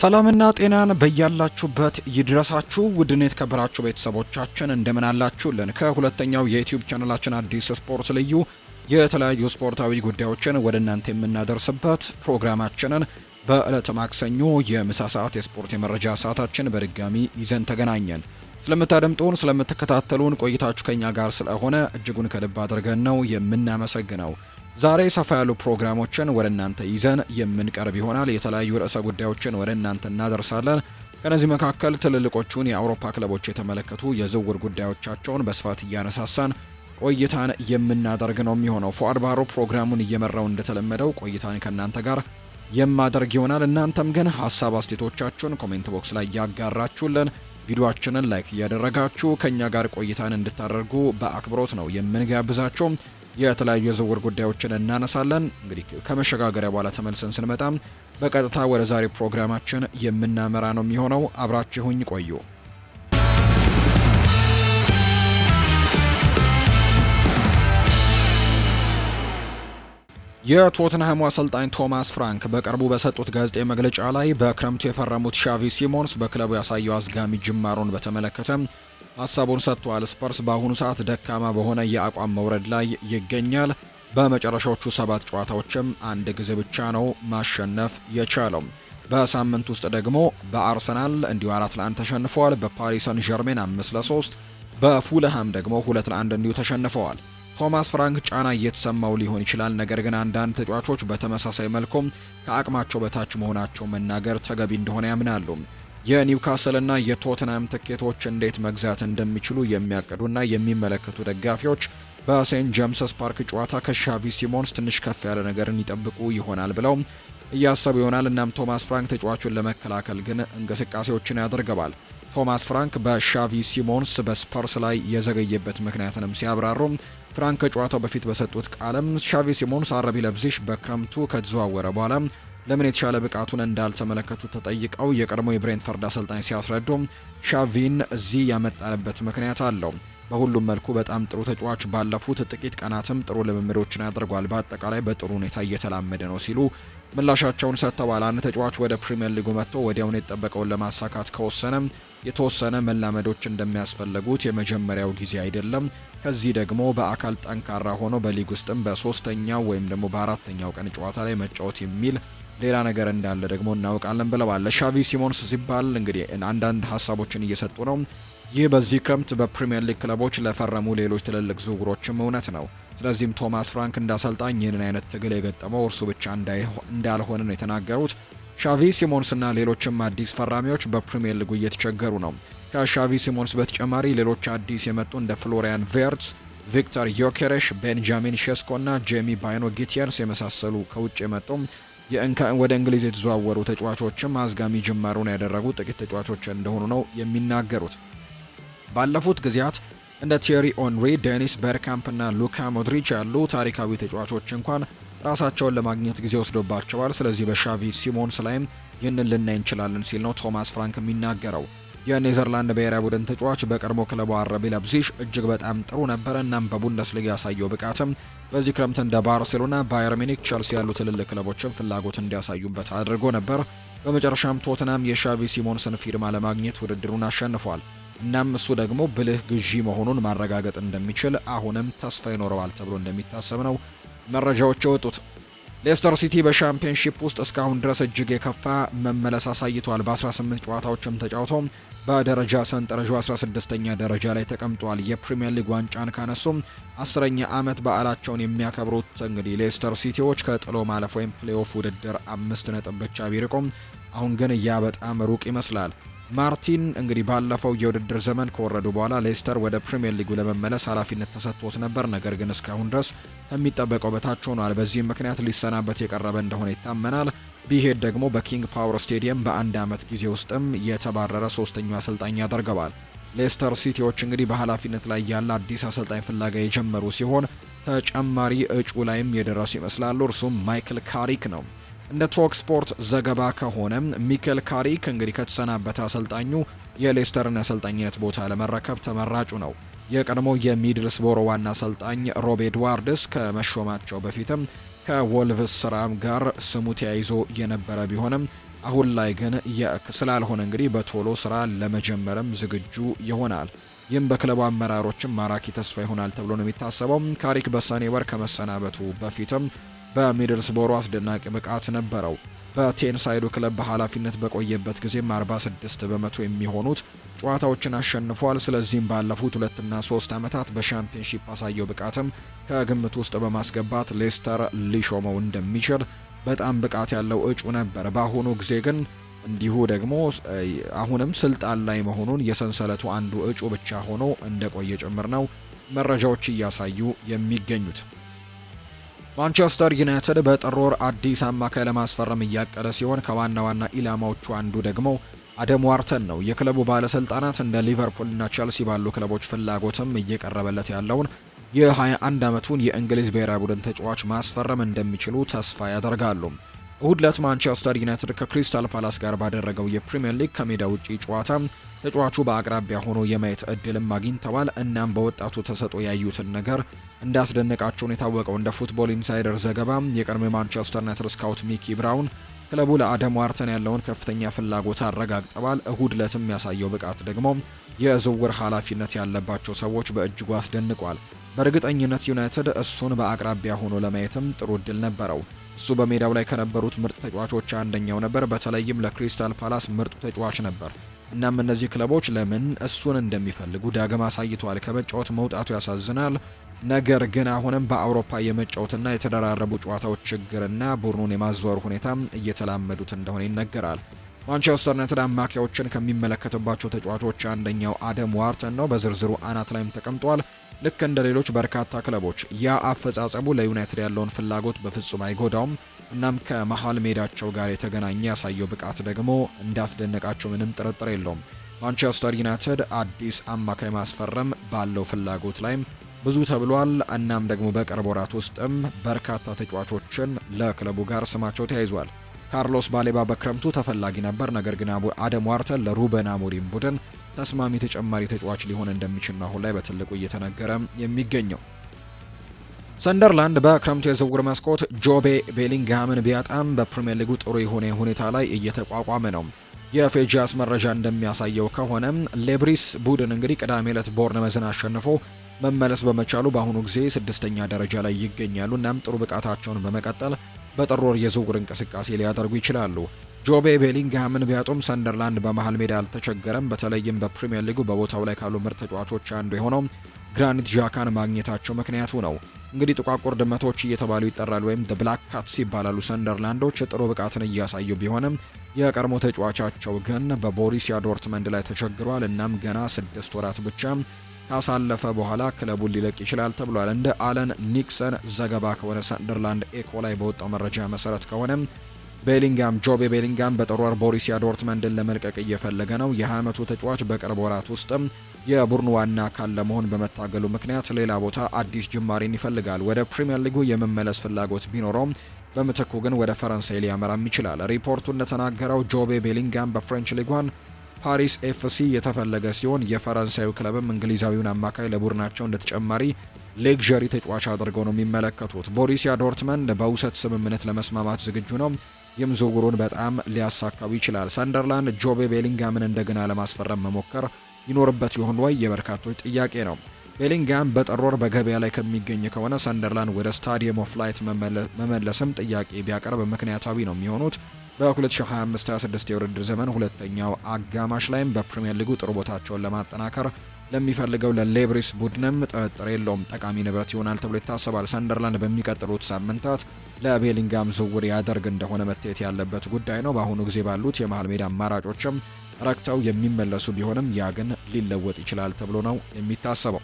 ሰላምና ጤናን በያላችሁበት ይድረሳችሁ። ውድን የተከበራችሁ ቤተሰቦቻችን እንደምን አላችሁልን? ከሁለተኛው የዩትዩብ ቻናላችን አዲስ ስፖርት ልዩ የተለያዩ ስፖርታዊ ጉዳዮችን ወደ እናንተ የምናደርስበት ፕሮግራማችንን በዕለተ ማክሰኞ የምሳ ሰዓት የስፖርት የመረጃ ሰዓታችን በድጋሚ ይዘን ተገናኘን። ስለምታደምጡን ስለምትከታተሉን ቆይታችሁ ከኛ ጋር ስለሆነ እጅጉን ከልብ አድርገን ነው የምናመሰግነው። ዛሬ ሰፋ ያሉ ፕሮግራሞችን ወደ እናንተ ይዘን የምንቀርብ ይሆናል። የተለያዩ ርዕሰ ጉዳዮችን ወደ እናንተ እናደርሳለን። ከነዚህ መካከል ትልልቆቹን የአውሮፓ ክለቦች የተመለከቱ የዝውውር ጉዳዮቻቸውን በስፋት እያነሳሳን ቆይታን የምናደርግ ነው የሚሆነው። ፉአድ ባሮ ፕሮግራሙን እየመራው እንደተለመደው ቆይታን ከእናንተ ጋር የማደርግ ይሆናል። እናንተም ግን ሀሳብ አስቴቶቻችሁን ኮሜንት ቦክስ ላይ እያጋራችሁልን ቪዲዮችንን ላይክ እያደረጋችሁ ከእኛ ጋር ቆይታን እንድታደርጉ በአክብሮት ነው የምንጋብዛቸው። የተለያዩ የዝውውር ጉዳዮችን እናነሳለን። እንግዲህ ከመሸጋገሪያ በኋላ ተመልሰን ስንመጣ በቀጥታ ወደ ዛሬ ፕሮግራማችን የምናመራ ነው የሚሆነው። አብራችሁኝ ቆዩ። የቶትንሃሙ አሰልጣኝ ቶማስ ፍራንክ በቅርቡ በሰጡት ጋዜጣዊ መግለጫ ላይ በክረምቱ የፈረሙት ሻቪ ሲሞንስ በክለቡ ያሳየው አዝጋሚ ጅማሮን በተመለከተ ሀሳቡን ሰጥቷል። ስፐርስ በአሁኑ ሰዓት ደካማ በሆነ የአቋም መውረድ ላይ ይገኛል። በመጨረሻዎቹ ሰባት ጨዋታዎችም አንድ ጊዜ ብቻ ነው ማሸነፍ የቻለው። በሳምንት ውስጥ ደግሞ በአርሰናል እንዲሁ አራት ለአንድ ተሸንፈዋል። በፓሪሰን ጀርሜን አምስት ለሶስት በፉለሃም ደግሞ ሁለት ለአንድ እንዲሁ ተሸንፈዋል። ቶማስ ፍራንክ ጫና እየተሰማው ሊሆን ይችላል። ነገር ግን አንዳንድ ተጫዋቾች በተመሳሳይ መልኩም ከአቅማቸው በታች መሆናቸው መናገር ተገቢ እንደሆነ ያምናሉ። የኒውካስልና የቶትናም ትኬቶች እንዴት መግዛት እንደሚችሉ የሚያቅዱና የሚመለከቱ ደጋፊዎች በሴንት ጀምስስ ፓርክ ጨዋታ ከሻቪ ሲሞንስ ትንሽ ከፍ ያለ ነገርን ይጠብቁ ይሆናል ብለው እያሰቡ ይሆናል። እናም ቶማስ ፍራንክ ተጫዋቹን ለመከላከል ግን እንቅስቃሴዎችን ያደርገዋል። ቶማስ ፍራንክ በሻቪ ሲሞንስ በስፐርስ ላይ የዘገየበት ምክንያትንም ሲያብራሩ ፍራንክ ከጨዋታው በፊት በሰጡት ቃለም ሻቪ ሲሞንስ አረቢ ለብዚሽ በክረምቱ ከተዘዋወረ በኋላ ለምን የተሻለ ብቃቱን እንዳልተመለከቱ ተጠይቀው የቀድሞ የብሬንትፈርድ አሰልጣኝ ሲያስረዱ ሻቪን እዚህ ያመጣንበት ምክንያት አለው። በሁሉም መልኩ በጣም ጥሩ ተጫዋች፣ ባለፉት ጥቂት ቀናትም ጥሩ ልምምዶችን አድርጓል። በአጠቃላይ በጥሩ ሁኔታ እየተላመደ ነው ሲሉ ምላሻቸውን ሰጥተዋል። አንድ ተጫዋች ወደ ፕሪምየር ሊጉ መጥቶ ወዲያውን የጠበቀውን ለማሳካት ከወሰነ የተወሰነ መላመዶች እንደሚያስፈልጉት የመጀመሪያው ጊዜ አይደለም። ከዚህ ደግሞ በአካል ጠንካራ ሆኖ በሊግ ውስጥም በሶስተኛው ወይም ደግሞ በአራተኛው ቀን ጨዋታ ላይ መጫወት የሚል ሌላ ነገር እንዳለ ደግሞ እናውቃለን ብለዋል። ለሻቪ ሲሞንስ ሲባል እንግዲህ አንዳንድ ሀሳቦችን እየሰጡ ነው። ይህ በዚህ ክረምት በፕሪምየር ሊግ ክለቦች ለፈረሙ ሌሎች ትልልቅ ዝውውሮችም እውነት ነው። ስለዚህም ቶማስ ፍራንክ እንዳሰልጣኝ ይህንን አይነት ትግል የገጠመው እርሱ ብቻ እንዳልሆነ ነው የተናገሩት። ሻቪ እና ሌሎችም አዲስ ፈራሚዎች በፕሪምየር ሊጉ እየተቸገሩ ነው። ከሻቪ ሲሞንስ በተጨማሪ ሌሎች አዲስ የመጡ እንደ ፍሎሪያን ቬርትስ፣ ቪክተር ዮኬሬሽ፣ ቤንጃሚን ሼስኮ እና ጄሚ ባይኖ ጊቲየንስ የመሳሰሉ ከውጭ የመጡ ወደ እንግሊዝ የተዘዋወሩ ተጫዋቾችም አዝጋሚ ጅማሩን ያደረጉ ጥቂት ተጫዋቾች እንደሆኑ ነው የሚናገሩት። ባለፉት ጊዜያት እንደ ቲየሪ ኦንሪ፣ ዴኒስ በርካምፕ እና ሉካ ሞድሪች ያሉ ታሪካዊ ተጫዋቾች እንኳን ራሳቸውን ለማግኘት ጊዜ ወስዶባቸዋል። ስለዚህ በሻቪ ሲሞንስ ላይም ይህንን ልናይ እንችላለን ሲል ነው ቶማስ ፍራንክ የሚናገረው። የኔዘርላንድ ብሔራዊ ቡድን ተጫዋች በቀድሞ ክለቡ አረቢ ለብዚሽ እጅግ በጣም ጥሩ ነበረ። እናም በቡንደስሊጋ ያሳየው ብቃትም በዚህ ክረምት እንደ ባርሴሎና፣ ባየር ሚኒክ፣ ቸልሲ ያሉ ትልልቅ ክለቦችን ፍላጎት እንዲያሳዩበት አድርጎ ነበር። በመጨረሻም ቶትናም የሻቪ ሲሞንስን ፊርማ ለማግኘት ውድድሩን አሸንፏል። እናም እሱ ደግሞ ብልህ ግዢ መሆኑን ማረጋገጥ እንደሚችል አሁንም ተስፋ ይኖረዋል ተብሎ እንደሚታሰብ ነው መረጃዎች የወጡት። ሌስተር ሲቲ በሻምፒዮንሺፕ ውስጥ እስካሁን ድረስ እጅግ የከፋ መመለስ አሳይቷል። በ18 ጨዋታዎችም ተጫውቶ በደረጃ ሰንጠረዡ 16ኛ ደረጃ ላይ ተቀምጧል። የፕሪምየር ሊግ ዋንጫን ካነሱም አስረኛ ዓመት በዓላቸውን የሚያከብሩት እንግዲህ ሌስተር ሲቲዎች ከጥሎ ማለፍ ወይም ፕሌኦፍ ውድድር አምስት ነጥብ ብቻ ቢርቁም አሁን ግን ያ በጣም ሩቅ ይመስላል። ማርቲን እንግዲህ ባለፈው የውድድር ዘመን ከወረዱ በኋላ ሌስተር ወደ ፕሪምየር ሊጉ ለመመለስ ኃላፊነት ተሰጥቶት ነበር። ነገር ግን እስካሁን ድረስ ከሚጠበቀው በታች ሆኗል። በዚህም ምክንያት ሊሰናበት የቀረበ እንደሆነ ይታመናል። ቢሄድ ደግሞ በኪንግ ፓወር ስቴዲየም በአንድ ዓመት ጊዜ ውስጥም የተባረረ ሶስተኛው አሰልጣኝ ያደርገዋል። ሌስተር ሲቲዎች እንግዲህ በኃላፊነት ላይ ያለ አዲስ አሰልጣኝ ፍላጋ የጀመሩ ሲሆን ተጨማሪ እጩ ላይም የደረሱ ይመስላሉ። እርሱም ማይክል ካሪክ ነው። እንደ ቶክ ስፖርት ዘገባ ከሆነ ሚኬል ካሪክ እንግዲህ ከተሰናበተ አሰልጣኙ የሌስተርን አሰልጣኝነት ቦታ ለመረከብ ተመራጩ ነው። የቀድሞ የሚድልስቦሮ ዋና አሰልጣኝ ሮብ ኤድዋርድስ ከመሾማቸው በፊትም ከወልቭስ ስራም ጋር ስሙ ተያይዞ የነበረ ቢሆንም አሁን ላይ ግን ስላልሆነ እንግዲህ በቶሎ ስራ ለመጀመርም ዝግጁ ይሆናል። ይህም በክለቡ አመራሮችም ማራኪ ተስፋ ይሆናል ተብሎ ነው የሚታሰበው። ካሪክ በሰኔ ወር ከመሰናበቱ በፊትም በሚድልስቦሮ አስደናቂ ብቃት ነበረው። በቴንሳይዱ ክለብ በኃላፊነት በቆየበት ጊዜም 46 በመቶ የሚሆኑት ጨዋታዎችን አሸንፏል። ስለዚህም ባለፉት ሁለትና ሶስት ዓመታት በሻምፒዮንሺፕ አሳየው ብቃትም ከግምት ውስጥ በማስገባት ሌስተር ሊሾመው እንደሚችል በጣም ብቃት ያለው እጩ ነበር። በአሁኑ ጊዜ ግን እንዲሁ ደግሞ አሁንም ስልጣን ላይ መሆኑን የሰንሰለቱ አንዱ እጩ ብቻ ሆኖ እንደቆየ ጭምር ነው መረጃዎች እያሳዩ የሚገኙት። ማንቸስተር ዩናይትድ በጥር ወር አዲስ አማካይ ለማስፈረም እያቀደ ሲሆን ከዋና ዋና ኢላማዎቹ አንዱ ደግሞ አደም ዋርተን ነው። የክለቡ ባለስልጣናት እንደ ሊቨርፑልና ቸልሲ ባሉ ክለቦች ፍላጎትም እየቀረበለት ያለውን የ21 ዓመቱን የእንግሊዝ ብሔራዊ ቡድን ተጫዋች ማስፈረም እንደሚችሉ ተስፋ ያደርጋሉ። እሁድ ዕለት ማንቸስተር ዩናይትድ ከክሪስታል ፓላስ ጋር ባደረገው የፕሪምየር ሊግ ከሜዳ ውጪ ጨዋታ ተጫዋቹ በአቅራቢያ ሆኖ የማየት እድልም አግኝተዋል። እናም በወጣቱ ተሰጦ ያዩትን ነገር እንዳስደነቃቸውን የታወቀው እንደ ፉትቦል ኢንሳይደር ዘገባ የቀድሞ የማንቸስተር ዩናይትድ ስካውት ሚኪ ብራውን ክለቡ ለአደም ዋርተን ያለውን ከፍተኛ ፍላጎት አረጋግጠዋል። እሁድ ለትም ያሳየው ብቃት ደግሞ የዝውውር ኃላፊነት ያለባቸው ሰዎች በእጅጉ አስደንቋል። በእርግጠኝነት ዩናይትድ እሱን በአቅራቢያ ሆኖ ለማየትም ጥሩ እድል ነበረው። እሱ በሜዳው ላይ ከነበሩት ምርጥ ተጫዋቾች አንደኛው ነበር። በተለይም ለክሪስታል ፓላስ ምርጡ ተጫዋች ነበር። እናም እነዚህ ክለቦች ለምን እሱን እንደሚፈልጉ ዳግም አሳይተዋል። ከመጫወት መውጣቱ ያሳዝናል። ነገር ግን አሁንም በአውሮፓ የመጫወትና የተደራረቡ ጨዋታዎች ችግርና ቡድኑን የማዘወር ሁኔታ እየተላመዱት እንደሆነ ይነገራል። ማንቸስተር ዩናይትድ አማካዮችን ከሚመለከትባቸው ተጫዋቾች አንደኛው አደም ዋርተን ነው። በዝርዝሩ አናት ላይም ተቀምጧል። ልክ እንደ ሌሎች በርካታ ክለቦች ያ አፈጻጸሙ ለዩናይትድ ያለውን ፍላጎት በፍጹም አይጎዳውም። እናም ከመሀል ሜዳቸው ጋር የተገናኘ ያሳየው ብቃት ደግሞ እንዳስደነቃቸው ምንም ጥርጥር የለውም። ማንቸስተር ዩናይትድ አዲስ አማካይ ማስፈረም ባለው ፍላጎት ላይም ብዙ ተብሏል። እናም ደግሞ በቅርብ ወራት ውስጥም በርካታ ተጫዋቾችን ለክለቡ ጋር ስማቸው ተያይዟል። ካርሎስ ባሌባ በክረምቱ ተፈላጊ ነበር፣ ነገር ግን አደም ዋርተን ለሩበን አሞሪም ቡድን ተስማሚ ተጨማሪ ተጫዋች ሊሆን እንደሚችል ነው አሁን ላይ በትልቁ እየተነገረ የሚገኘው። ሰንደርላንድ በክረምቱ የዝውውር መስኮት ጆቤ ቤሊንግሃምን ቢያጣም በፕሪምየር ሊጉ ጥሩ የሆነ ሁኔታ ላይ እየተቋቋመ ነው። የፌጂያስ መረጃ እንደሚያሳየው ከሆነ ሌብሪስ ቡድን እንግዲህ ቅዳሜ ዕለት ቦርንመዝን አሸንፎ መመለስ በመቻሉ በአሁኑ ጊዜ ስድስተኛ ደረጃ ላይ ይገኛሉ። እናም ጥሩ ብቃታቸውን በመቀጠል በጥር ወር የዝውውር እንቅስቃሴ ሊያደርጉ ይችላሉ። ጆቤ ቤሊንግሃምን ቢያጡም ሰንደርላንድ በመሃል ሜዳ አልተቸገረም። በተለይም በፕሪምየር ሊጉ በቦታው ላይ ካሉ ምርጥ ተጫዋቾች አንዱ የሆነው ግራኒት ዣካን ማግኘታቸው ምክንያቱ ነው። እንግዲህ ጥቋቁር ድመቶች እየተባሉ ይጠራሉ ወይም ደ ብላክ ካትስ ይባላሉ። ሰንደርላንዶች ጥሩ ብቃትን እያሳዩ ቢሆንም የቀድሞ ተጫዋቻቸው ግን በቦሪሲያ ዶርትመንድ ላይ ተቸግሯል። እናም ገና ስድስት ወራት ብቻ ካሳለፈ በኋላ ክለቡን ሊለቅ ይችላል ተብሏል። እንደ አለን ኒክሰን ዘገባ ከሆነ ሰንደርላንድ ኤኮ ላይ በወጣው መረጃ መሰረት ከሆነ ቤሊንጋም ጆቤ ቤሊንጋም በጥር ወር ዶርትመንድን ለመልቀቅ እየፈለገ ነው። የ20 ዓመቱ ተጫዋች በቅርብ ወራት ውስጥም የቡድኑ ዋና አካል ለመሆን በመታገሉ ምክንያት ሌላ ቦታ አዲስ ጅማሬን ይፈልጋል። ወደ ፕሪምየር ሊጉ የመመለስ ፍላጎት ቢኖረውም በምትኩ ግን ወደ ፈረንሳይ ሊያመራም ይችላል። ሪፖርቱ እንደተናገረው ጆቤ ቤሊንጋም በፍሬንች ሊጓን ፓሪስ ኤፍሲ የተፈለገ ሲሆን የፈረንሳዩ ክለብም እንግሊዛዊውን አማካይ ለቡድናቸው እንደተጨማሪ ሌግዠሪ ተጫዋች አድርገው ነው የሚመለከቱት። ቦሪሲያ ዶርትመንድ በውሰት ስምምነት ለመስማማት ዝግጁ ነው። ይህም ዝውውሩን በጣም ሊያሳካው ይችላል። ሰንደርላንድ ጆቤ ቤሊንጋምን እንደገና ለማስፈረም መሞከር ይኖርበት ይሆን ወይ? የበርካቶች ጥያቄ ነው። ቤሊንጋም በጥር ወር በገበያ ላይ ከሚገኝ ከሆነ ሰንደርላንድ ወደ ስታዲየም ኦፍ ላይት መመለስም ጥያቄ ቢያቀርብ ምክንያታዊ ነው የሚሆኑት። በ2025/26 የውድድር ዘመን ሁለተኛው አጋማሽ ላይም በፕሪምየር ሊጉ ጥሩ ቦታቸውን ለማጠናከር ለሚፈልገው ለሌብሪስ ቡድንም ጥርጥር የለውም ጠቃሚ ንብረት ይሆናል ተብሎ ይታሰባል። ሰንደርላንድ በሚቀጥሉት ሳምንታት ለቤሊንጋም ዝውውር ያደርግ እንደሆነ መታየት ያለበት ጉዳይ ነው። በአሁኑ ጊዜ ባሉት የመሀል ሜዳ አማራጮችም ረክተው የሚመለሱ ቢሆንም ያ ግን ሊለወጥ ይችላል ተብሎ ነው የሚታሰበው።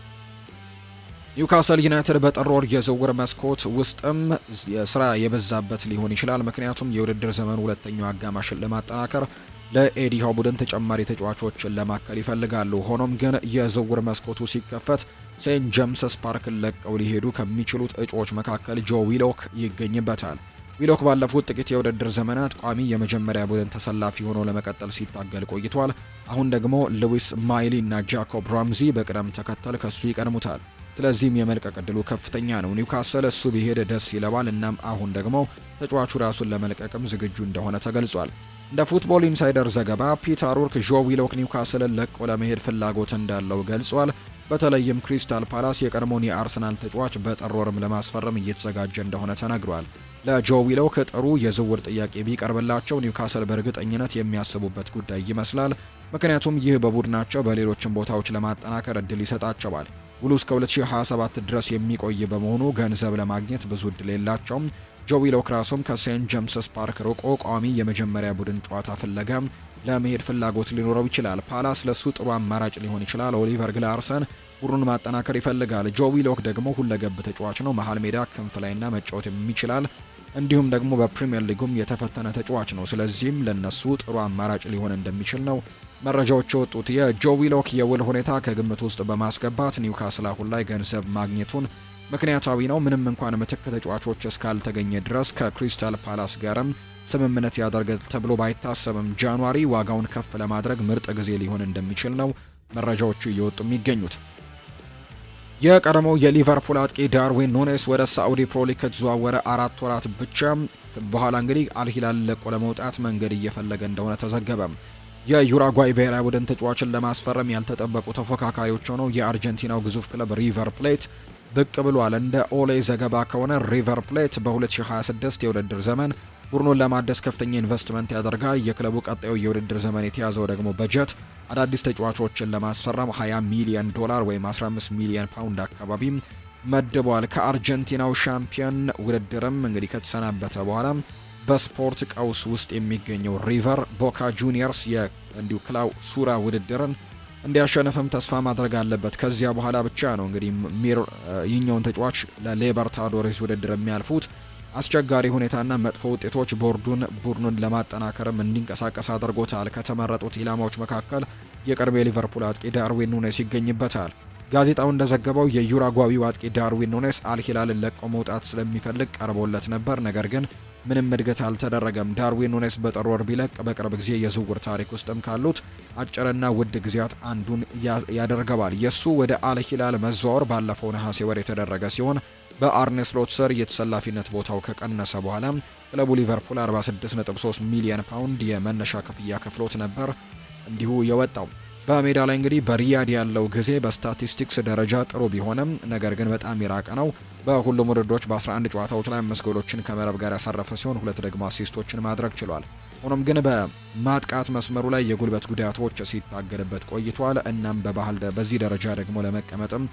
ኒውካስል ዩናይትድ በጥር የዝውውር መስኮት ውስጥም የስራ የበዛበት ሊሆን ይችላል። ምክንያቱም የውድድር ዘመኑ ሁለተኛው አጋማሽን ለማጠናከር ለኤዲሃው ቡድን ተጨማሪ ተጫዋቾችን ለማከል ይፈልጋሉ። ሆኖም ግን የዝውውር መስኮቱ ሲከፈት ሴንት ጀምስስ ፓርክን ለቀው ሊሄዱ ከሚችሉት እጩዎች መካከል ጆ ዊሎክ ይገኝበታል። ዊሎክ ባለፉት ጥቂት የውድድር ዘመናት ቋሚ የመጀመሪያ ቡድን ተሰላፊ ሆኖ ለመቀጠል ሲታገል ቆይቷል። አሁን ደግሞ ሉዊስ ማይሊ እና ጃኮብ ራምዚ በቅደም ተከተል ከሱ ይቀድሙታል። ስለዚህም የመልቀቅ እድሉ ከፍተኛ ነው። ኒውካስል እሱ ቢሄድ ደስ ይለዋል። እናም አሁን ደግሞ ተጫዋቹ ራሱን ለመልቀቅም ዝግጁ እንደሆነ ተገልጿል። እንደ ፉትቦል ኢንሳይደር ዘገባ ፒተር ኡርክ ዦ ዊሎክ ኒውካስልን ለቆ ለመሄድ ፍላጎት እንዳለው ገልጿል። በተለይም ክሪስታል ፓላስ የቀድሞውን የአርሰናል ተጫዋች በጥር ወርም ለማስፈረም እየተዘጋጀ እንደሆነ ተነግሯል። ለጆ ዊሎክ ጥሩ የዝውውር ጥያቄ ቢቀርብላቸው ኒውካስል በእርግጠኝነት የሚያስቡበት ጉዳይ ይመስላል። ምክንያቱም ይህ በቡድናቸው በሌሎችም ቦታዎች ለማጠናከር እድል ይሰጣቸዋል። ውሉ እስከ 2027 ድረስ የሚቆይ በመሆኑ ገንዘብ ለማግኘት ብዙ እድል የላቸውም። ጆዊ ሎክራሶም ከሴንት ጀምስስ ፓርክ ርቆ ቋሚ የመጀመሪያ ቡድን ጨዋታ ፍለጋ ለመሄድ ፍላጎት ሊኖረው ይችላል። ፓላስ ለሱ ጥሩ አማራጭ ሊሆን ይችላል። ኦሊቨር ግላርሰን ቡድኑን ማጠናከር ይፈልጋል። ጆዊ ሎክ ደግሞ ሁለገብ ተጫዋች ነው። መሀል ሜዳ፣ ክንፍ ላይና መጫወት የሚችላል እንዲሁም ደግሞ በፕሪምየር ሊጉም የተፈተነ ተጫዋች ነው። ስለዚህም ለነሱ ጥሩ አማራጭ ሊሆን እንደሚችል ነው መረጃዎች የወጡት። የጆዊ ሎክ የውል ሁኔታ ከግምት ውስጥ በማስገባት ኒውካስል አሁን ላይ ገንዘብ ማግኘቱን ምክንያታዊ ነው። ምንም እንኳን ምትክ ተጫዋቾች እስካልተገኘ ድረስ ከክሪስታል ፓላስ ጋርም ስምምነት ያደርጋል ተብሎ ባይታሰብም ጃንዋሪ ዋጋውን ከፍ ለማድረግ ምርጥ ጊዜ ሊሆን እንደሚችል ነው መረጃዎቹ እየወጡ የሚገኙት። የቀድሞው የሊቨርፑል አጥቂ ዳርዊን ኑኔስ ወደ ሳዑዲ ፕሮሊግ ከተዘዋወረ አራት ወራት ብቻ በኋላ እንግዲህ አልሂላል ለቆ ለመውጣት መንገድ እየፈለገ እንደሆነ ተዘገበ። የዩራጓይ ብሔራዊ ቡድን ተጫዋችን ለማስፈረም ያልተጠበቁ ተፎካካሪዎች ሆነው የአርጀንቲናው ግዙፍ ክለብ ሪቨር ፕሌት ብቅ ብሏል። እንደ ኦሌ ዘገባ ከሆነ ሪቨር ፕሌት በ2026 የውድድር ዘመን ቡድኑን ለማደስ ከፍተኛ ኢንቨስትመንት ያደርጋል። የክለቡ ቀጣዩ የውድድር ዘመን የተያዘው ደግሞ በጀት አዳዲስ ተጫዋቾችን ለማሰራም 20 ሚሊዮን ዶላር ወይም 15 ሚሊዮን ፓውንድ አካባቢ መድቧል። ከአርጀንቲናው ሻምፒዮን ውድድርም እንግዲህ ከተሰናበተ በኋላ በስፖርት ቀውስ ውስጥ የሚገኘው ሪቨር ቦካ ጁኒየርስ ክላው ሱራ ውድድርን እንዲያሸንፍም ተስፋ ማድረግ አለበት። ከዚያ በኋላ ብቻ ነው እንግዲህ ሚር ይህኛውን ተጫዋች ለሌበርታዶሬስ ውድድር የሚያልፉት። አስቸጋሪ ሁኔታና መጥፎ ውጤቶች ቦርዱን ቡድኑን ለማጠናከርም እንዲንቀሳቀስ አድርጎታል። ከተመረጡት ኢላማዎች መካከል የቅርብ የሊቨርፑል አጥቂ ዳርዊን ኑኔስ ይገኝበታል። ጋዜጣው እንደዘገበው የዩራጓዊው አጥቂ ዳርዊን ኑኔስ አልሂላልን ለቆ መውጣት ስለሚፈልግ ቀርቦለት ነበር። ነገር ግን ምንም እድገት አልተደረገም። ዳርዊን ኑኔስ በጥር ወር ቢለቅ በቅርብ ጊዜ የዝውውር ታሪክ ውስጥም ካሉት አጭርና ውድ ጊዜያት አንዱን ያደርገዋል። የእሱ ወደ አልሂላል መዘዋወር ባለፈው ነሐሴ ወር የተደረገ ሲሆን በአርኔስ ስሎት ስር የተሰላፊነት ቦታው ከቀነሰ በኋላ ክለቡ ሊቨርፑል 46.3 ሚሊዮን ፓውንድ የመነሻ ክፍያ ከፍሎት ነበር እንዲሁ የወጣው። በሜዳ ላይ እንግዲህ በሪያድ ያለው ጊዜ በስታቲስቲክስ ደረጃ ጥሩ ቢሆንም ነገር ግን በጣም የራቀ ነው። በሁሉም ውድድሮች በ11 ጨዋታዎች ላይ አምስት ጎሎችን ከመረብ ጋር ያሳረፈ ሲሆን ሁለት ደግሞ አሲስቶችን ማድረግ ችሏል። ሆኖም ግን በማጥቃት መስመሩ ላይ የጉልበት ጉዳቶች ሲታገልበት ቆይቷል። እናም በባህል በዚህ ደረጃ ደግሞ ለመቀመጥም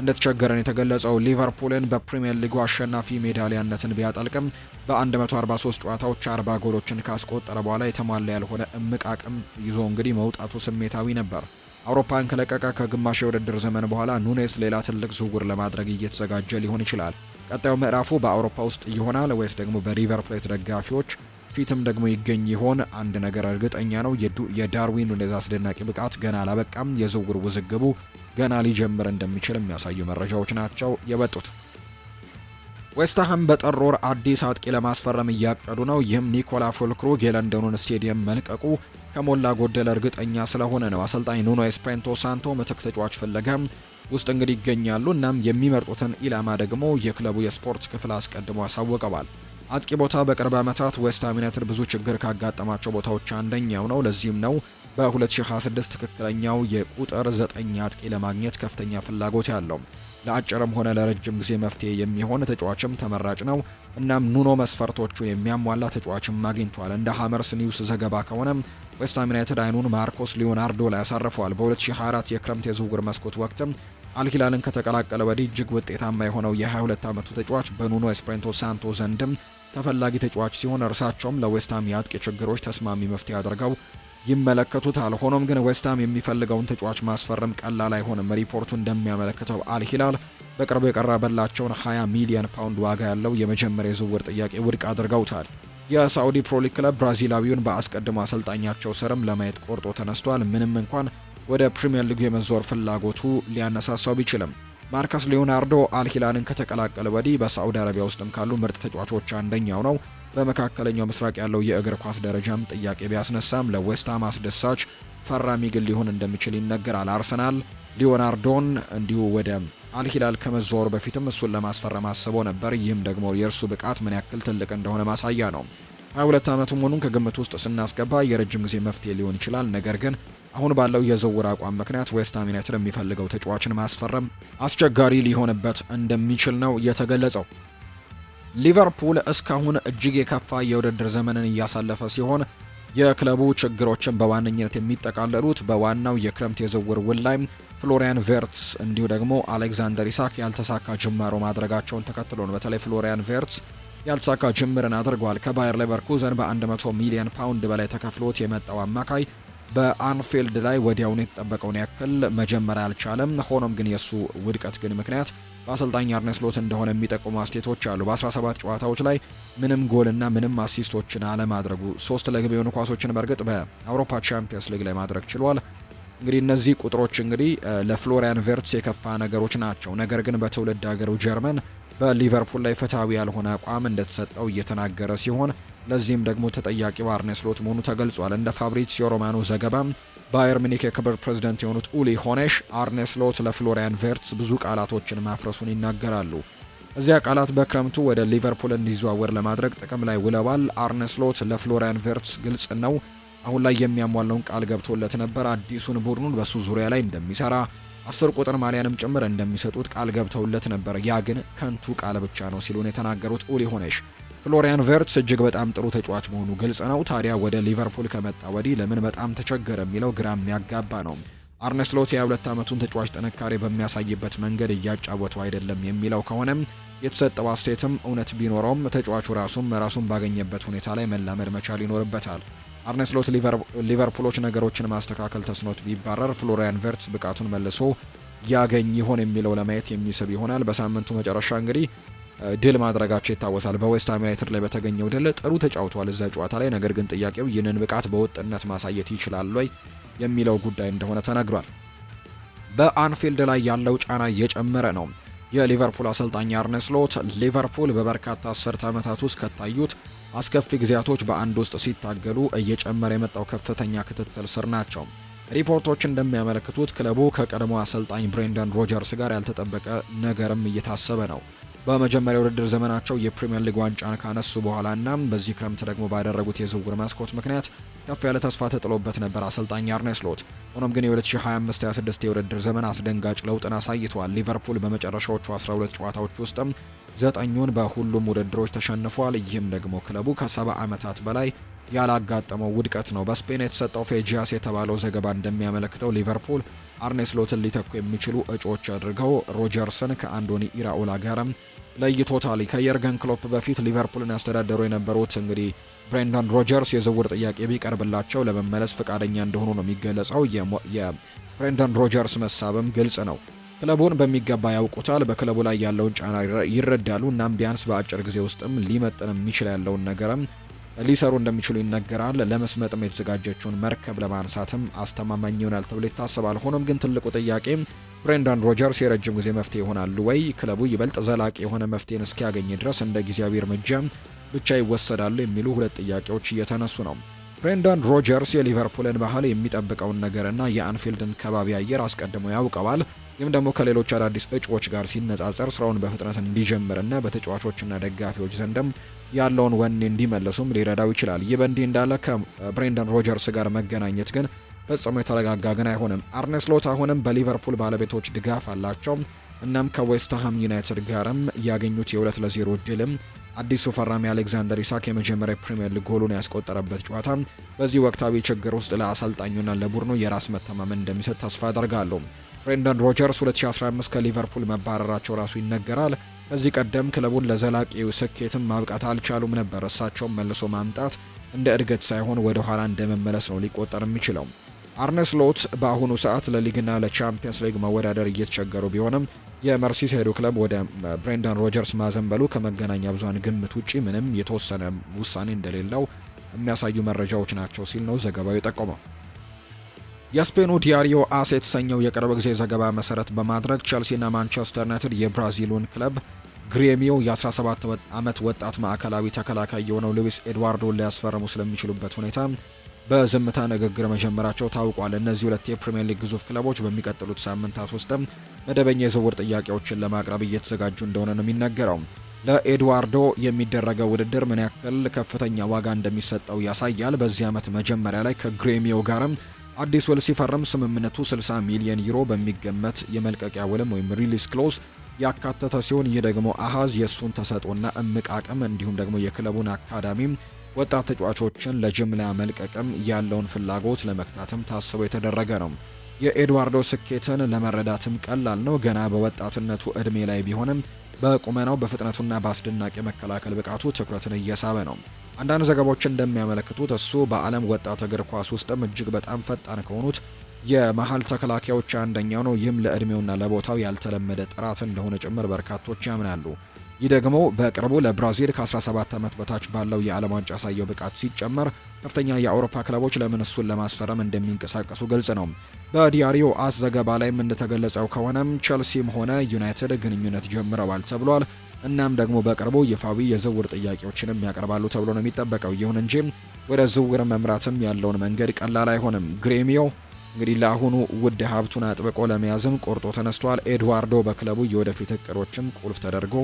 እንደተቸገረን የተገለጸው ሊቨርፑልን በፕሪምየር ሊጉ አሸናፊ ሜዳሊያነትን ቢያጠልቅም በ143 ጨዋታዎች 40 ጎሎችን ካስቆጠረ በኋላ የተሟላ ያልሆነ እምቅ አቅም ይዞ እንግዲህ መውጣቱ ስሜታዊ ነበር። አውሮፓን ከለቀቀ ከግማሽ የውድድር ዘመን በኋላ ኑኔስ ሌላ ትልቅ ዝውውር ለማድረግ እየተዘጋጀ ሊሆን ይችላል። ቀጣዩ ምዕራፉ በአውሮፓ ውስጥ ይሆናል ወይስ ደግሞ በሪቨር ፕሌት ደጋፊዎች ፊትም ደግሞ ይገኝ ይሆን? አንድ ነገር እርግጠኛ ነው፣ የዳርዊን ኑኔዝ አስደናቂ ብቃት ገና አላበቃም። የዝውውር ውዝግቡ ገና ሊጀምር እንደሚችል የሚያሳዩ መረጃዎች ናቸው የወጡት። ዌስትሃም በጥር ወር አዲስ አጥቂ ለማስፈረም እያቀዱ ነው። ይህም ኒኮላ ፉልክሩግ የለንደኑን ስቴዲየም መልቀቁ ከሞላ ጎደል እርግጠኛ ስለሆነ ነው። አሰልጣኝ ኑኖ ኤስፔንቶ ሳንቶ ምትክ ተጫዋች ፍለጋ ውስጥ እንግዲህ ይገኛሉ። እናም የሚመርጡትን ኢላማ ደግሞ የክለቡ የስፖርት ክፍል አስቀድሞ አሳውቀዋል። አጥቂ ቦታ በቅርብ ዓመታት ዌስትሃም ዩናይትድ ብዙ ችግር ካጋጠማቸው ቦታዎች አንደኛው ነው። ለዚህም ነው በ2026 ትክክለኛው የቁጥር ዘጠኝ አጥቂ ለማግኘት ከፍተኛ ፍላጎት ያለው ለአጭርም ሆነ ለረጅም ጊዜ መፍትሄ የሚሆን ተጫዋችም ተመራጭ ነው። እናም ኑኖ መስፈርቶቹን የሚያሟላ ተጫዋችም አግኝቷል። እንደ ሀመርስ ኒውስ ዘገባ ከሆነ ዌስትሃም ዩናይትድ አይኑን ማርኮስ ሊዮናርዶ ላይ ያሳርፈዋል በ በ2024 የክረምት የዝውውር መስኮት ወቅትም አልሂላልን ከተቀላቀለ ወዲህ እጅግ ውጤታማ የሆነው የ22 ዓመቱ ተጫዋች በኑኖ ኤስፕሬንቶ ሳንቶ ዘንድም ተፈላጊ ተጫዋች ሲሆን እርሳቸውም ለዌስትሃም የአጥቂ ችግሮች ተስማሚ መፍትሄ አድርገው ይመለከቱታል። ሆኖም ግን ዌስትሃም የሚፈልገውን ተጫዋች ማስፈረም ቀላል አይሆንም። ሪፖርቱ እንደሚያመለክተው አልሂላል በቅርቡ የቀረበላቸውን 20 ሚሊዮን ፓውንድ ዋጋ ያለው የመጀመሪያ የዝውውር ጥያቄ ውድቅ አድርገውታል። የሳዑዲ ፕሮሊግ ክለብ ብራዚላዊውን በአስቀድሞ አሰልጣኛቸው ስርም ለማየት ቆርጦ ተነስቷል። ምንም እንኳን ወደ ፕሪምየር ሊጉ የመዞር ፍላጎቱ ሊያነሳሳው ቢችልም ማርከስ ሊዮናርዶ አልሂላልን ከተቀላቀለ ወዲህ በሳዑዲ አረቢያ ውስጥም ካሉ ምርጥ ተጫዋቾች አንደኛው ነው። በመካከለኛው ምስራቅ ያለው የእግር ኳስ ደረጃም ጥያቄ ቢያስነሳም ለዌስትሃም አስደሳች ፈራሚ ግን ሊሆን እንደሚችል ይነገራል። አርሰናል ሊዮናርዶን እንዲሁ ወደ አልሂላል ከመዘወሩ በፊትም እሱን ለማስፈረም አስቦ ነበር። ይህም ደግሞ የእርሱ ብቃት ምን ያክል ትልቅ እንደሆነ ማሳያ ነው። 22 ዓመቱ መሆኑን ከግምት ውስጥ ስናስገባ የረጅም ጊዜ መፍትሄ ሊሆን ይችላል። ነገር ግን አሁን ባለው የዝውውር አቋም ምክንያት ዌስትሃም ዩናይትድ የሚፈልገው ተጫዋችን ማስፈረም አስቸጋሪ ሊሆንበት እንደሚችል ነው የተገለጸው። ሊቨርፑል እስካሁን እጅግ የከፋ የውድድር ዘመንን እያሳለፈ ሲሆን የክለቡ ችግሮችን በዋነኝነት የሚጠቃለሉት በዋናው የክረምት የዝውውር ውል ላይ ፍሎሪያን ቬርትስ እንዲሁ ደግሞ አሌክዛንደር ኢሳክ ያልተሳካ ጅማሮ ማድረጋቸውን ተከትሎ ነው። በተለይ ፍሎሪያን ቬርትስ ያልተሳካ ጅምርን አድርጓል። ከባየር ሌቨርኩዘን በ100 ሚሊዮን ፓውንድ በላይ ተከፍሎት የመጣው አማካይ በአንፊልድ ላይ ወዲያውኑ የተጠበቀውን ያክል መጀመር አልቻለም። ሆኖም ግን የእሱ ውድቀት ግን ምክንያት በአሰልጣኝ አርነ ስሎት እንደሆነ የሚጠቁሙ አስቴቶች አሉ። በ17 ጨዋታዎች ላይ ምንም ጎልና ምንም አሲስቶችን አለማድረጉ፣ ሶስት ለግብ የሆኑ ኳሶችን በእርግጥ በአውሮፓ ቻምፒየንስ ሊግ ላይ ማድረግ ችሏል። እንግዲህ እነዚህ ቁጥሮች እንግዲህ ለፍሎሪያን ቨርትስ የከፋ ነገሮች ናቸው። ነገር ግን በትውልድ ሀገሩ ጀርመን በሊቨርፑል ላይ ፍትሐዊ ያልሆነ አቋም እንደተሰጠው እየተናገረ ሲሆን ለዚህም ደግሞ ተጠያቂው አርነ ስሎት መሆኑ ተገልጿል። እንደ ፋብሪዚዮ ሮማኖ ዘገባ ባየር ሚኒክ የክብር ፕሬዝደንት የሆኑት ኡሊ ሆነሽ አርነ ስሎት ለፍሎሪያን ቬርትስ ብዙ ቃላቶችን ማፍረሱን ይናገራሉ። እዚያ ቃላት በክረምቱ ወደ ሊቨርፑል እንዲዘዋወር ለማድረግ ጥቅም ላይ ውለዋል። አርነ ስሎት ለፍሎሪያን ቬርትስ ግልጽ ነው አሁን ላይ የሚያሟላውን ቃል ገብቶለት ነበር። አዲሱን ቡድኑን በሱ ዙሪያ ላይ እንደሚሰራ አስር ቁጥር ማሊያንም ጭምር እንደሚሰጡት ቃል ገብተውለት ነበር። ያ ግን ከንቱ ቃል ብቻ ነው ሲሉን የተናገሩት ኡሊ ሆነሽ ፍሎሪያን ቨርትስ እጅግ በጣም ጥሩ ተጫዋች መሆኑ ግልጽ ነው። ታዲያ ወደ ሊቨርፑል ከመጣ ወዲህ ለምን በጣም ተቸገረ የሚለው ግራ የሚያጋባ ነው። አርነ ስሎት የሁለት ዓመቱን ተጫዋች ጥንካሬ በሚያሳይበት መንገድ እያጫወተው አይደለም የሚለው ከሆነም የተሰጠው አስተያየትም እውነት ቢኖረውም ተጫዋቹ ራሱም ራሱን ባገኘበት ሁኔታ ላይ መላመድ መቻል ይኖርበታል። አርነስሎት ሊቨርፑሎች ነገሮችን ማስተካከል ተስኖት ቢባረር ፍሎሪያን ቨርትስ ብቃቱን መልሶ ያገኝ ይሆን የሚለው ለማየት የሚስብ ይሆናል። በሳምንቱ መጨረሻ እንግዲህ ድል ማድረጋቸው ይታወሳል። በዌስትሃም ዩናይትድ ላይ በተገኘው ድል ጥሩ ተጫውቷል እዛ ጨዋታ ላይ። ነገር ግን ጥያቄው ይህንን ብቃት በወጥነት ማሳየት ይችላል ወይ የሚለው ጉዳይ እንደሆነ ተነግሯል። በአንፊልድ ላይ ያለው ጫና እየጨመረ ነው። የሊቨርፑል አሰልጣኝ አርነ ስሎት ሊቨርፑል በበርካታ አስርት ዓመታት ውስጥ ከታዩት አስከፊ ጊዜያቶች በአንድ ውስጥ ሲታገሉ እየጨመረ የመጣው ከፍተኛ ክትትል ስር ናቸው። ሪፖርቶች እንደሚያመለክቱት ክለቡ ከቀድሞ አሰልጣኝ ብሬንደን ሮጀርስ ጋር ያልተጠበቀ ነገርም እየታሰበ ነው። በመጀመሪያ ውድድር ዘመናቸው የፕሪምየር ሊግ ዋንጫን ካነሱ በኋላና በዚህ ክረምት ደግሞ ባደረጉት የዝውውር መስኮት ምክንያት ከፍ ያለ ተስፋ ተጥሎበት ነበር አሰልጣኝ አርነ ስሎት። ሆኖም ግን የ2025/26 የውድድር ዘመን አስደንጋጭ ለውጥን አሳይቷል። ሊቨርፑል በመጨረሻዎቹ 12 ጨዋታዎች ውስጥም ዘጠኙን በሁሉም ውድድሮች ተሸንፏል። ይህም ደግሞ ክለቡ ከ ዓመታት በላይ ያላጋጠመው ውድቀት ነው። በስፔን የተሰጠው ፌጂያስ የተባለው ዘገባ እንደሚያመለክተው ሊቨርፑል አርኔ ስሎትን ሊተኩ የሚችሉ እጩዎች አድርገው ሮጀርስን ከአንዶኒ ኢራኦላ ጋርም ለይቶታል። ከየርገን ክሎፕ በፊት ሊቨርፑልን ያስተዳደሩ የነበሩት እንግዲህ ብሬንዳን ሮጀርስ የዝውውር ጥያቄ ቢቀርብላቸው ለመመለስ ፈቃደኛ እንደሆኑ ነው የሚገለጸው። የብሬንዳን ሮጀርስ መሳብም ግልጽ ነው። ክለቡን በሚገባ ያውቁታል። በክለቡ ላይ ያለውን ጫና ይረዳሉ። እናም ቢያንስ በአጭር ጊዜ ውስጥም ሊመጥን የሚችል ያለውን ነገርም ሊሰሩ እንደሚችሉ ይነገራል። ለመስመጥም የተዘጋጀችውን መርከብ ለማንሳትም አስተማማኝ ይሆናል ተብሎ ይታሰባል። ሆኖም ግን ትልቁ ጥያቄ ብሬንዳን ሮጀርስ የረጅም ጊዜ መፍትሄ ይሆናሉ ወይ? ክለቡ ይበልጥ ዘላቂ የሆነ መፍትሄን እስኪያገኝ ድረስ እንደ ጊዜያዊ እርምጃ ብቻ ይወሰዳሉ የሚሉ ሁለት ጥያቄዎች እየተነሱ ነው። ብሬንዳን ሮጀርስ የሊቨርፑልን ባህል የሚጠብቀውን ነገርና የአንፊልድን ከባቢ አየር አስቀድሞ ያውቀዋል። ይህም ደግሞ ከሌሎች አዳዲስ እጩዎች ጋር ሲነጻጸር ስራውን በፍጥነት እንዲጀምርና በተጫዋቾችና ደጋፊዎች ዘንድም ያለውን ወኔ እንዲመለሱም ሊረዳው ይችላል። ይህ በእንዲህ እንዳለ ከብሬንዳን ሮጀርስ ጋር መገናኘት ግን ፈጽሞ የተረጋጋ ግን አይሆንም። አርኔስሎት አሁንም በሊቨርፑል ባለቤቶች ድጋፍ አላቸው። እናም ከዌስትሃም ዩናይትድ ጋርም ያገኙት ለ0 ድልም አዲሱ ፈራሚ አሌክዛንደር ኢሳክ የመጀመሪያ ፕሪምየር ሊግ ጎሉን ያስቆጠረበት ጨዋታ በዚህ ወቅታዊ ችግር ውስጥ ለአሰልጣኙና ለቡድኑ የራስ መተማመን እንደሚሰጥ ተስፋ ያደርጋሉ። ብሬንደን ሮጀርስ 2015 ከሊቨርፑል መባረራቸው ራሱ ይነገራል። ከዚህ ቀደም ክለቡን ለዘላቂው ስኬትም ማብቃት አልቻሉም ነበር። እሳቸውን መልሶ ማምጣት እንደ እድገት ሳይሆን ወደ ኋላ እንደመመለስ ነው ሊቆጠር የሚችለው። አርነስሎት በአሁኑ ሰዓት ለሊግና ለቻምፒየንስ ሊግ መወዳደር እየተቸገሩ ቢሆንም ሄዱ ክለብ ወደ ብሬንዳን ሮጀርስ ማዘንበሉ ከመገናኛ ብዙሃን ግምት ውጪ ምንም የተወሰነ ውሳኔ እንደሌለው የሚያሳዩ መረጃዎች ናቸው ሲል ነው ዘገባው የጠቆመው። የስፔኑ ዲያሪዮ አስ የተሰኘው የቅርብ ጊዜ ዘገባ መሰረት በማድረግ ቸልሲና ማንቸስተር ዩናይትድ የብራዚሉን ክለብ ግሬሚዮ የ17 ዓመት ወጣት ማዕከላዊ ተከላካይ የሆነው ሉዊስ ኤድዋርዶን ሊያስፈርሙ ስለሚችሉበት ሁኔታ በዝምታ ንግግር መጀመራቸው ታውቋል። እነዚህ ሁለት የፕሪምየር ሊግ ግዙፍ ክለቦች በሚቀጥሉት ሳምንታት ውስጥም መደበኛ የዝውውር ጥያቄዎችን ለማቅረብ እየተዘጋጁ እንደሆነ ነው የሚነገረው። ለኤድዋርዶ የሚደረገው ውድድር ምን ያክል ከፍተኛ ዋጋ እንደሚሰጠው ያሳያል። በዚህ ዓመት መጀመሪያ ላይ ከግሬሚዮ ጋርም አዲስ ውል ሲፈርም ስምምነቱ 60 ሚሊዮን ዩሮ በሚገመት የመልቀቂያ ውልም ወይም ሪሊስ ክሎዝ ያካተተ ሲሆን ይህ ደግሞ አሃዝ የእሱን ተሰጥኦና እምቅ አቅም እንዲሁም ደግሞ የክለቡን አካዳሚም ወጣት ተጫዋቾችን ለጅምላ መልቀቅም ያለውን ፍላጎት ለመክታትም ታስቦ የተደረገ ነው። የኤድዋርዶ ስኬትን ለመረዳትም ቀላል ነው። ገና በወጣትነቱ እድሜ ላይ ቢሆንም በቁመናው በፍጥነቱና በአስደናቂ መከላከል ብቃቱ ትኩረትን እየሳበ ነው። አንዳንድ ዘገባዎች እንደሚያመለክቱት እሱ በዓለም ወጣት እግር ኳስ ውስጥም እጅግ በጣም ፈጣን ከሆኑት የመሀል ተከላካዮች አንደኛው ነው። ይህም ለዕድሜውና ለቦታው ያልተለመደ ጥራት እንደሆነ ጭምር በርካቶች ያምናሉ። ይህ ደግሞ በቅርቡ ለብራዚል ከ17 ዓመት በታች ባለው የዓለም ዋንጫ ያሳየው ብቃት ሲጨመር ከፍተኛ የአውሮፓ ክለቦች ለምን እሱን ለማስፈረም እንደሚንቀሳቀሱ ግልጽ ነው። በዲያሪዮ አስ ዘገባ ላይም እንደተገለጸው ከሆነም ቸልሲም ሆነ ዩናይትድ ግንኙነት ጀምረዋል ተብሏል። እናም ደግሞ በቅርቡ ይፋዊ የዝውውር ጥያቄዎችንም ያቀርባሉ ተብሎ ነው የሚጠበቀው። ይሁን እንጂ ወደ ዝውውር መምራትም ያለውን መንገድ ቀላል አይሆንም። ግሬሚዮ እንግዲህ ለአሁኑ ውድ ሀብቱን አጥብቆ ለመያዝም ቆርጦ ተነስቷል። ኤድዋርዶ በክለቡ የወደፊት እቅዶችም ቁልፍ ተደርጎ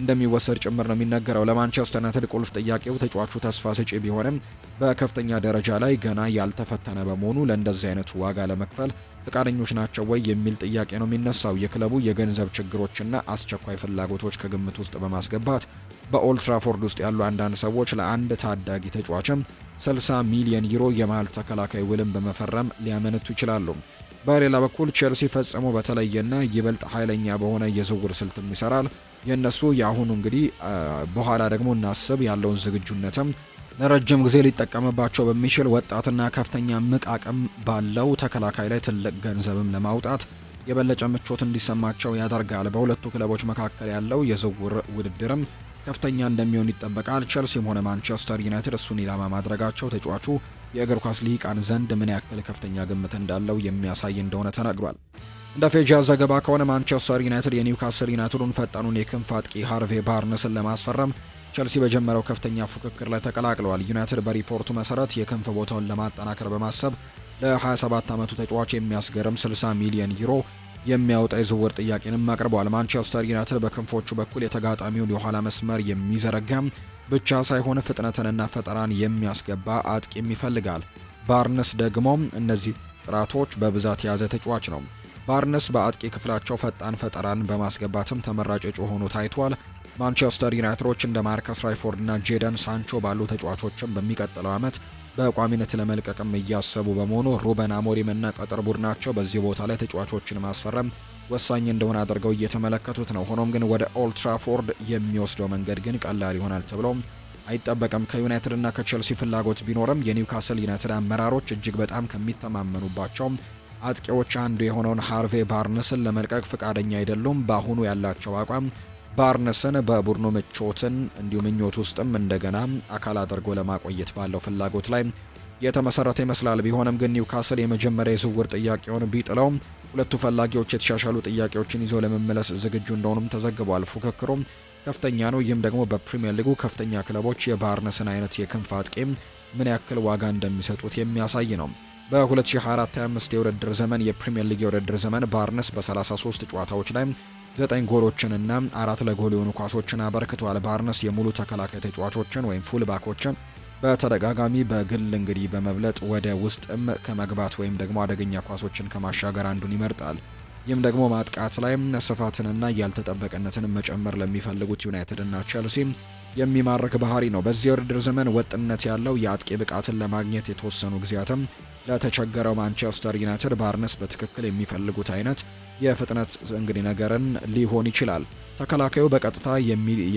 እንደሚወሰድ ጭምር ነው የሚነገረው። ለማንቸስተር ዩናይትድ ቁልፍ ጥያቄው ተጫዋቹ ተስፋ ሰጪ ቢሆንም በከፍተኛ ደረጃ ላይ ገና ያልተፈተነ በመሆኑ ለእንደዚህ አይነቱ ዋጋ ለመክፈል ፈቃደኞች ናቸው ወይ የሚል ጥያቄ ነው የሚነሳው። የክለቡ የገንዘብ ችግሮችና አስቸኳይ ፍላጎቶች ከግምት ውስጥ በማስገባት በኦልትራፎርድ ውስጥ ያሉ አንዳንድ ሰዎች ለአንድ ታዳጊ ተጫዋችም 60 ሚሊዮን ዩሮ የመሃል ተከላካይ ውልን በመፈረም ሊያመነቱ ይችላሉ። በሌላ በኩል ቼልሲ ፈጽሞ በተለየና ይበልጥ ኃይለኛ በሆነ የዝውውር ስልትም ይሰራል። የእነሱ የአሁኑ እንግዲህ በኋላ ደግሞ እናስብ ያለውን ዝግጁነትም ለረጅም ጊዜ ሊጠቀምባቸው በሚችል ወጣትና ከፍተኛ ምቅ አቅም ባለው ተከላካይ ላይ ትልቅ ገንዘብም ለማውጣት የበለጠ ምቾት እንዲሰማቸው ያደርጋል። በሁለቱ ክለቦች መካከል ያለው የዝውውር ውድድርም ከፍተኛ እንደሚሆን ይጠበቃል። ቸልሲም ሆነ ማንቸስተር ዩናይትድ እሱን ኢላማ ማድረጋቸው ተጫዋቹ የእግር ኳስ ሊቃን ዘንድ ምን ያክል ከፍተኛ ግምት እንዳለው የሚያሳይ እንደሆነ ተናግሯል። እንደ ፌጃ ዘገባ ከሆነ ማንቸስተር ዩናይትድ የኒውካስል ዩናይትዱን ፈጣኑን የክንፍ አጥቂ ሃርቬ ባርነስን ለማስፈረም ቸልሲ በጀመረው ከፍተኛ ፉክክር ላይ ተቀላቅለዋል። ዩናይትድ በሪፖርቱ መሰረት የክንፍ ቦታውን ለማጠናከር በማሰብ ለ27 ዓመቱ ተጫዋች የሚያስገርም 60 ሚሊዮን ዩሮ የሚያወጣ የዝውውር ጥያቄንም አቅርበዋል። ማንቸስተር ዩናይትድ በክንፎቹ በኩል የተጋጣሚውን የኋላ መስመር የሚዘረጋ ብቻ ሳይሆን ፍጥነትንና ፈጠራን የሚያስገባ አጥቂም ይፈልጋል። ባርነስ ደግሞ እነዚህ ጥራቶች በብዛት የያዘ ተጫዋች ነው። ባርነስ በአጥቂ ክፍላቸው ፈጣን ፈጠራን በማስገባትም ተመራጭ እጩ ሆኖ ታይቷል። ማንቸስተር ዩናይትዶች እንደ ማርከስ ራይፎርድ እና ጄደን ሳንቾ ባሉ ተጫዋቾችም በሚቀጥለው ዓመት በቋሚነት ለመልቀቅም እያሰቡ በመሆኑ ሩበን አሞሪም እና ቀጠር ቡድናቸው በዚህ ቦታ ላይ ተጫዋቾችን ማስፈረም ወሳኝ እንደሆነ አድርገው እየተመለከቱት ነው። ሆኖም ግን ወደ ኦልትራፎርድ የሚወስደው መንገድ ግን ቀላል ይሆናል ተብሎም አይጠበቅም። ከዩናይትድ እና ከቼልሲ ፍላጎት ቢኖርም የኒውካስል ዩናይትድ አመራሮች እጅግ በጣም ከሚተማመኑባቸው አጥቂዎች አንዱ የሆነውን ሃርቬ ባርነስን ለመልቀቅ ፈቃደኛ አይደሉም። በአሁኑ ያላቸው አቋም ባርነስን በቡድኑ ምቾትን እንዲሁ ምኞት ውስጥም እንደገና አካል አድርጎ ለማቆየት ባለው ፍላጎት ላይ የተመሰረተ ይመስላል። ቢሆንም ግን ኒውካስል የመጀመሪያ የዝውውር ጥያቄውን ቢጥለው ሁለቱ ፈላጊዎች የተሻሻሉ ጥያቄዎችን ይዘው ለመመለስ ዝግጁ እንደሆኑም ተዘግቧል። ፉክክሩ ከፍተኛ ነው። ይህም ደግሞ በፕሪምየር ሊጉ ከፍተኛ ክለቦች የባርነስን አይነት የክንፍ አጥቂ ምን ያክል ዋጋ እንደሚሰጡት የሚያሳይ ነው። በ2024/25 የውድድር ዘመን የፕሪምየር ሊግ የውድድር ዘመን ባርነስ በ33 ጨዋታዎች ላይ 9 ጎሎችንና አራት ለጎል የሆኑ ኳሶችን አበርክቷል። ባርነስ የሙሉ ተከላካይ ተጫዋቾችን ወይም ፉል ባኮችን በተደጋጋሚ በግል እንግዲህ በመብለጥ ወደ ውስጥም ከመግባት ወይም ደግሞ አደገኛ ኳሶችን ከማሻገር አንዱን ይመርጣል። ይህም ደግሞ ማጥቃት ላይም ስፋትንና ያልተጠበቀነትን መጨመር ለሚፈልጉት ዩናይትድ እና ቸልሲ የሚማርክ ባህሪ ነው። በዚህ ውድድር ዘመን ወጥነት ያለው የአጥቂ ብቃትን ለማግኘት የተወሰኑ ጊዜያትም ለተቸገረው ማንቸስተር ዩናይትድ ባርነስ በትክክል የሚፈልጉት አይነት የፍጥነት እንግዲህ ነገርን ሊሆን ይችላል። ተከላካዩ በቀጥታ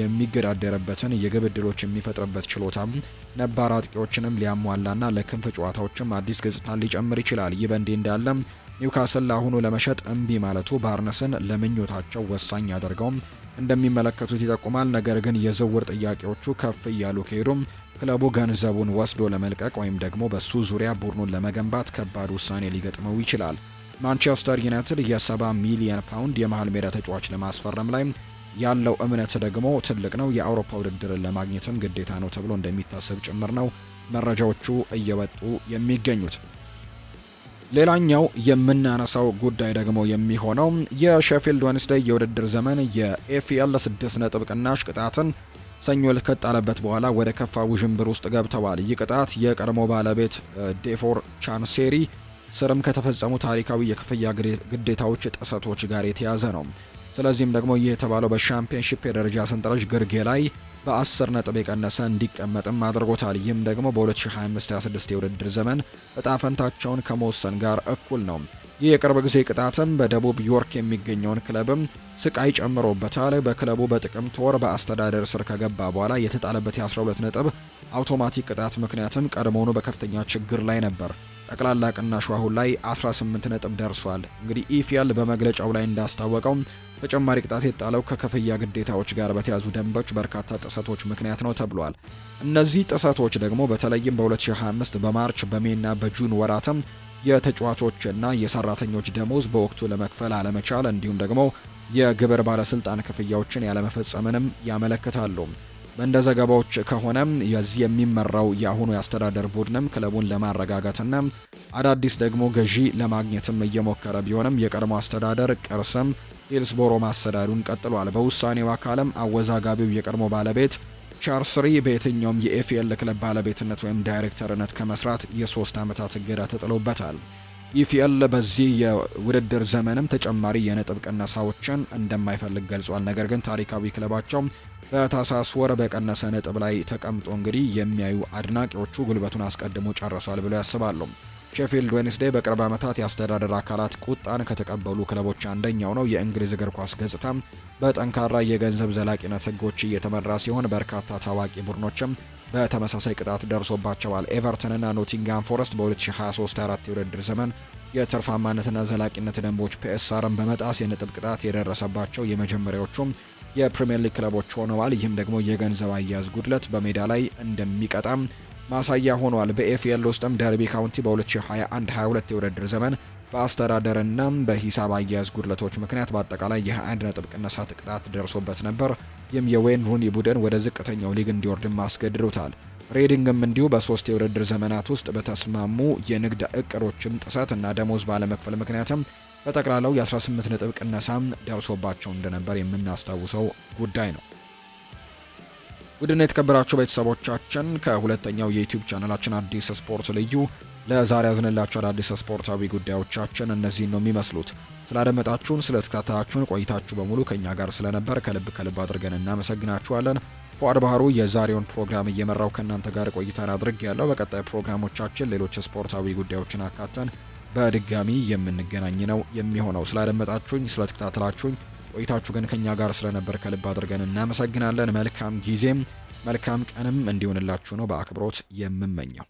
የሚገዳደርበትን የግብ ዕድሎች የሚፈጥርበት ችሎታም ነባር አጥቂዎችንም ሊያሟላና ለክንፍ ጨዋታዎችም አዲስ ገጽታን ሊጨምር ይችላል። ይህ በእንዲህ እንዳለም ኒውካስል ለአሁኑ ለመሸጥ እምቢ ማለቱ ባርነስን ለምኞታቸው ወሳኝ አድርገውም እንደሚመለከቱት ይጠቁማል። ነገር ግን የዝውውር ጥያቄዎቹ ከፍ እያሉ ከሄዱም ክለቡ ገንዘቡን ወስዶ ለመልቀቅ ወይም ደግሞ በሱ ዙሪያ ቡድኑን ለመገንባት ከባድ ውሳኔ ሊገጥመው ይችላል። ማንቸስተር ዩናይትድ የ70 ሚሊዮን ፓውንድ የመሃል ሜዳ ተጫዋች ለማስፈረም ላይ ያለው እምነት ደግሞ ትልቅ ነው። የአውሮፓ ውድድርን ለማግኘትም ግዴታ ነው ተብሎ እንደሚታሰብ ጭምር ነው መረጃዎቹ እየወጡ የሚገኙት። ሌላኛው የምናነሳው ጉዳይ ደግሞ የሚሆነው የሼፊልድ ወንስደይ የውድድር ዘመን የኤፍኤል ስድስት ነጥብ ቅናሽ ቅጣትን ሰኞ ዕለት ከጣለበት በኋላ ወደ ከፋ ውዥንብር ውስጥ ገብተዋል። ይህ ቅጣት የቀድሞ ባለቤት ዴፎር ቻንሴሪ ስርም ከተፈጸሙ ታሪካዊ የክፍያ ግዴታዎች ጥሰቶች ጋር የተያዘ ነው። ስለዚህም ደግሞ ይህ የተባለው በሻምፒዮንሺፕ የደረጃ ሰንጠረዥ ግርጌ ላይ በአስር ነጥብ የቀነሰ እንዲቀመጥም አድርጎታል። ይህም ደግሞ በ2025/26 የውድድር ዘመን እጣ ፈንታቸውን ከመወሰን ጋር እኩል ነው። ይህ የቅርብ ጊዜ ቅጣትም በደቡብ ዮርክ የሚገኘውን ክለብም ስቃይ ጨምሮበታል። በክለቡ በጥቅምት ወር በአስተዳደር ስር ከገባ በኋላ የተጣለበት የ12 ነጥብ አውቶማቲክ ቅጣት ምክንያትም ቀድሞውኑ በከፍተኛ ችግር ላይ ነበር። ጠቅላላ ቅናሹ አሁን ላይ 18 ነጥብ ደርሷል። እንግዲህ ኢፊያል በመግለጫው ላይ እንዳስታወቀው ተጨማሪ ቅጣት የጣለው ከክፍያ ግዴታዎች ጋር በተያዙ ደንቦች በርካታ ጥሰቶች ምክንያት ነው ተብሏል። እነዚህ ጥሰቶች ደግሞ በተለይም በ2025 በማርች በሜና በጁን ወራትም የተጫዋቾችና የሰራተኞች ደሞዝ በወቅቱ ለመክፈል አለመቻል እንዲሁም ደግሞ የግብር ባለስልጣን ክፍያዎችን ያለመፈጸምንም ያመለክታሉ። በእንደ ዘገባዎች ከሆነ የዚህ የሚመራው የአሁኑ የአስተዳደር ቡድንም ክለቡን ለማረጋጋትና አዳዲስ ደግሞ ገዢ ለማግኘትም እየሞከረ ቢሆንም የቀድሞ አስተዳደር ቅርስም ሂልስቦሮ ማሰዳዱን ቀጥሏል። በውሳኔው አካልም አወዛጋቢው የቀድሞ ባለቤት ቻርስሪ በየትኛውም የኤፍኤል ክለብ ባለቤትነት ወይም ዳይሬክተርነት ከመስራት የሶስት ዓመታት እገዳ ተጥሎበታል። ኢፍኤል በዚህ የውድድር ዘመንም ተጨማሪ የነጥብ ቅነሳዎችን እንደማይፈልግ ገልጿል። ነገር ግን ታሪካዊ ክለባቸው በታሳስ ወር በቀነሰ ነጥብ ላይ ተቀምጦ እንግዲህ የሚያዩ አድናቂዎቹ ጉልበቱን አስቀድሞ ጨርሷል ብለው ያስባሉ። ሼፊልድ ዌንስዴይ በቅርብ ዓመታት የአስተዳደር አካላት ቁጣን ከተቀበሉ ክለቦች አንደኛው ነው። የእንግሊዝ እግር ኳስ ገጽታም በጠንካራ የገንዘብ ዘላቂነት ሕጎች እየተመራ ሲሆን በርካታ ታዋቂ ቡድኖችም በተመሳሳይ ቅጣት ደርሶባቸዋል። ኤቨርተንና ኖቲንግሃም ፎረስት በ2023/24 የውድድር ዘመን የትርፋማነትና ዘላቂነት ደንቦች ፒኤስአርን በመጣስ የነጥብ ቅጣት የደረሰባቸው የመጀመሪያዎቹም የፕሪምየር ሊግ ክለቦች ሆነዋል። ይህም ደግሞ የገንዘብ አያያዝ ጉድለት በሜዳ ላይ እንደሚቀጣም ማሳያ ሆኗል። በኤፍኤል ውስጥም ደርቢ ካውንቲ በ2021-22 የውድድር ዘመን በአስተዳደርና በሂሳብ አያያዝ ጉድለቶች ምክንያት በአጠቃላይ የ21 ነጥብ ቅነሳ ቅጣት ደርሶበት ነበር። ይህም የዌይን ሩኒ ቡድን ወደ ዝቅተኛው ሊግ እንዲወርድም አስገድዶታል። ሬዲንግም እንዲሁ በሶስት የውድድር ዘመናት ውስጥ በተስማሙ የንግድ እቅዶችም ጥሰት እና ደሞዝ ባለመክፈል ምክንያትም በጠቅላላው የ18 ነጥብ ቅነሳም ደርሶባቸው እንደነበር የምናስታውሰው ጉዳይ ነው። ውድና የተከበራችሁ ቤተሰቦቻችን ከሁለተኛው የዩቲዩብ ቻናላችን አዲስ ስፖርት ልዩ ለዛሬ ያዝንላችሁ አዳዲስ ስፖርታዊ ጉዳዮቻችን እነዚህን ነው የሚመስሉት። ስላደመጣችሁን፣ ስለተከታተላችሁን ቆይታችሁ በሙሉ ከእኛ ጋር ስለነበር ከልብ ከልብ አድርገን እናመሰግናችኋለን። ፉአድ ባህሩ የዛሬውን ፕሮግራም እየመራው ከእናንተ ጋር ቆይታን አድርግ ያለው። በቀጣይ ፕሮግራሞቻችን ሌሎች ስፖርታዊ ጉዳዮችን አካተን በድጋሚ የምንገናኝ ነው የሚሆነው። ስላደመጣችሁኝ፣ ስለተከታተላችሁኝ ቆይታችሁ ግን ከኛ ጋር ስለነበር ከልብ አድርገን እናመሰግናለን። መልካም ጊዜም መልካም ቀንም እንዲሆንላችሁ ነው በአክብሮት የምመኘው።